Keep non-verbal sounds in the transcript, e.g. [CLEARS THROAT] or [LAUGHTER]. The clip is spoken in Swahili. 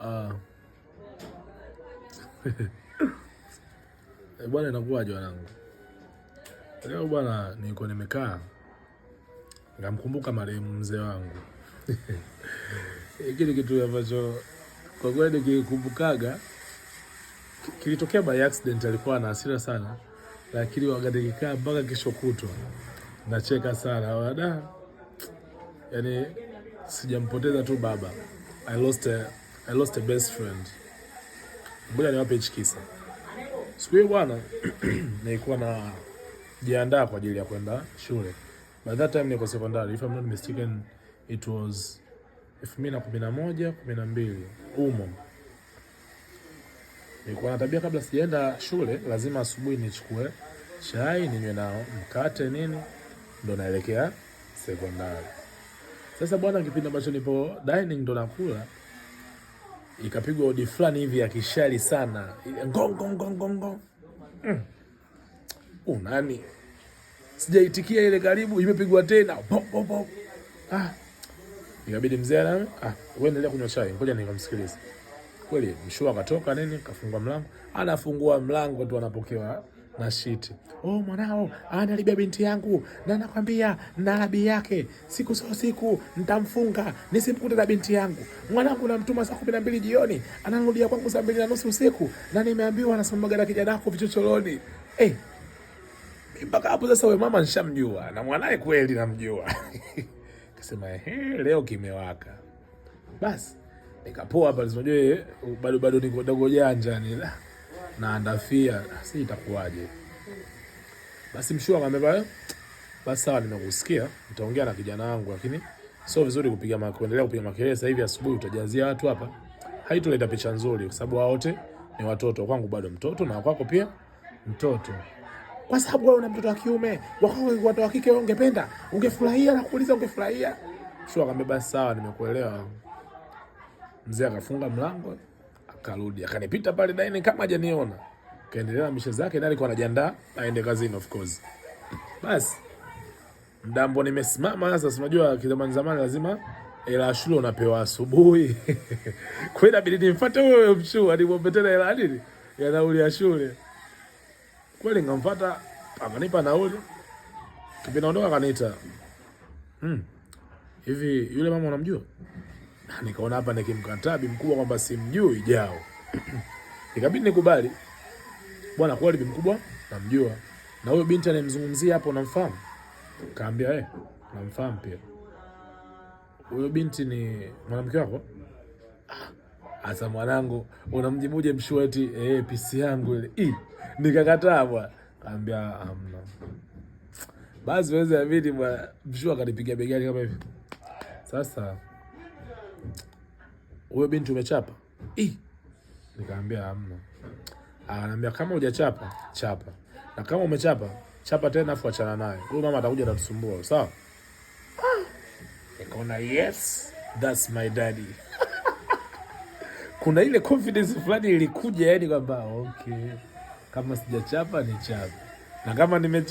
Uh, [LAUGHS] e, bwana inakuwaje wanangu? Leo bwana, niko nimekaa ngamkumbuka marehemu mzee wangu hiki [LAUGHS] eh, ni kitu ambacho kwa kweli nikikumbukaga, kilitokea by accident. Alikuwa na hasira sana, lakini wakati kikaa mpaka kesho kutwa nacheka sana wada, yani sijampoteza tu baba, I lost a I lost a best friend. Ngoja niwape hichi kisa. Siku hiyo bwana, [CLEARS THROAT] nilikuwa na jiandaa kwa ajili ya kwenda shule. By that time niko secondary, if I'm not mistaken it was 2011 12 umo. Nilikuwa na tabia kabla sijaenda shule, lazima asubuhi nichukue chai ninywe na mkate nini, ndo naelekea secondary. Sasa bwana, kipindi ambacho nipo dining ndo nakula ikapigwa odi fulani hivi ya kishali sana ngongongongongo mm. Unani sijaitikia ile, karibu imepigwa tena pop. Ah, ikabidi mzee na ah, wewe endelea kunywa chai, ngoja nikamsikilize. Kweli mshua akatoka nini, kafungua mlango, anafungua mlango tu anapokewa na shiti. Oh, mwanao analibia binti yangu, na nakwambia nalabi yake siku sio siku, nitamfunga nisimkute na binti yangu. Mwanangu namtuma saa kumi na mbili jioni anarudia kwangu saa mbili na nusu usiku, na nimeambiwa anasombaga na kijana wako vichochoroni. Hey, eh, mpaka hapo sasa we mama nshamjua na mwanaye kweli namjua. [LAUGHS] Kasema ehe, leo kimewaka basi, nikapoa pale, unajua bado bado niko dogo janja ni na andafia si itakuwaje? Basi mshua akamwambia basi sawa, nimekusikia, nitaongea na kijana wangu, lakini sio vizuri kupiga kuendelea kupiga makelele sasa hivi. Asubuhi utajazia watu hapa, haitoleta picha nzuri, kwa sababu wao wote ni watoto. Kwangu bado mtoto na kwako pia mtoto, kwa sababu wewe una mtoto wa kiume, wako watu wa kike, wewe ungependa, ungefurahia na kuuliza, ungefurahia. Mshua akamwambia basi sawa, nimekuelewa. Mzee akafunga mlango karudi akanipita pale daini kama hajaniona, kaendelea na mishe zake, na alikuwa anajiandaa aende kazini of course. Basi ndambo nimesimama sasa, unajua kizamani zamani lazima ila shule unapewa asubuhi [LAUGHS] kwenda bidii inabidi nimfuate huyo mchu nimwombe ila nini ya nauli ya shule. Kweli ngamfuata akanipa nauli, kipindi naondoka akaniita, hmm, hivi yule mama unamjua? na nikaona hapa ni kimkatabi mkubwa kwamba simjui jao [CLEARS THROAT] ikabidi nikubali bwana, kweli bi mkubwa namjua, na huyo binti anayemzungumzia hapo namfahamu. Kaambia eh, namfahamu pia. Huyo binti ni mwanamke wako? Ah, Asa mwanangu, unamjibuje mshueti eh, pisi yangu ile i nikakataa bwana. Kaambia amna. Basi wewe inabidi bwana, mshua akanipiga begani kama hivi sasa huyo binti umechapa? Eh, nikamwambia hamna. Ananiambia kama hujachapa chapa, na kama umechapa chapa tena, afu achana naye huyo mama, atakuja atatusumbua, sawa? Nikaona yes that's my daddy. Kuna ile confidence fulani ilikuja, yani kwamba okay, kama sijachapa ni chapa na kama nimechapa